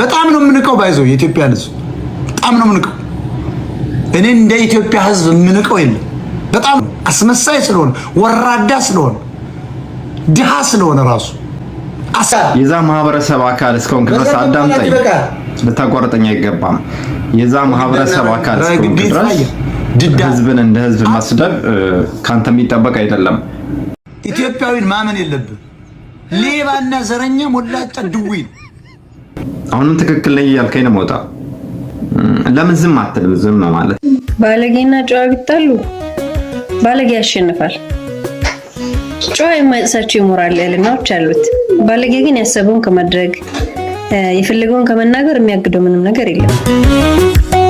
በጣም ነው የምንቀው። ባይዞ የኢትዮጵያን ህዝብ በጣም ነው የምንቀው። እኔ እንደ ኢትዮጵያ ህዝብ የምንቀው የለም። በጣም አስመሳይ ስለሆነ ወራዳ ስለሆነ ድሃ ስለሆነ ራሱ የዛ ማህበረሰብ አካል እስከሆንክ ድረስ አዳምጠኝ፣ ልታቋርጠኝ አይገባም። የዛ ማህበረሰብ አካል እስከሆንክ ድረስ ህዝብን እንደ ህዝብ ማስደብ ከአንተ የሚጠበቅ አይደለም። ኢትዮጵያዊን ማመን የለብን። ሌባና ዘረኛ ሞላጫ ድዊ አሁንም ትክክል ነኝ እያልከኝ ነው። መውጣ ለምን ዝም አትልም? ዝም ነው ማለት ባለጌና ጨዋ ቢጣሉ ባለጌ ያሸንፋል። ጨዋ የማይጥሳቸው የሞራል ልዕልናዎች አሉት። ባለጌ ግን ያሰበውን ከማድረግ የፈለገውን ከመናገር የሚያግደው ምንም ነገር የለም።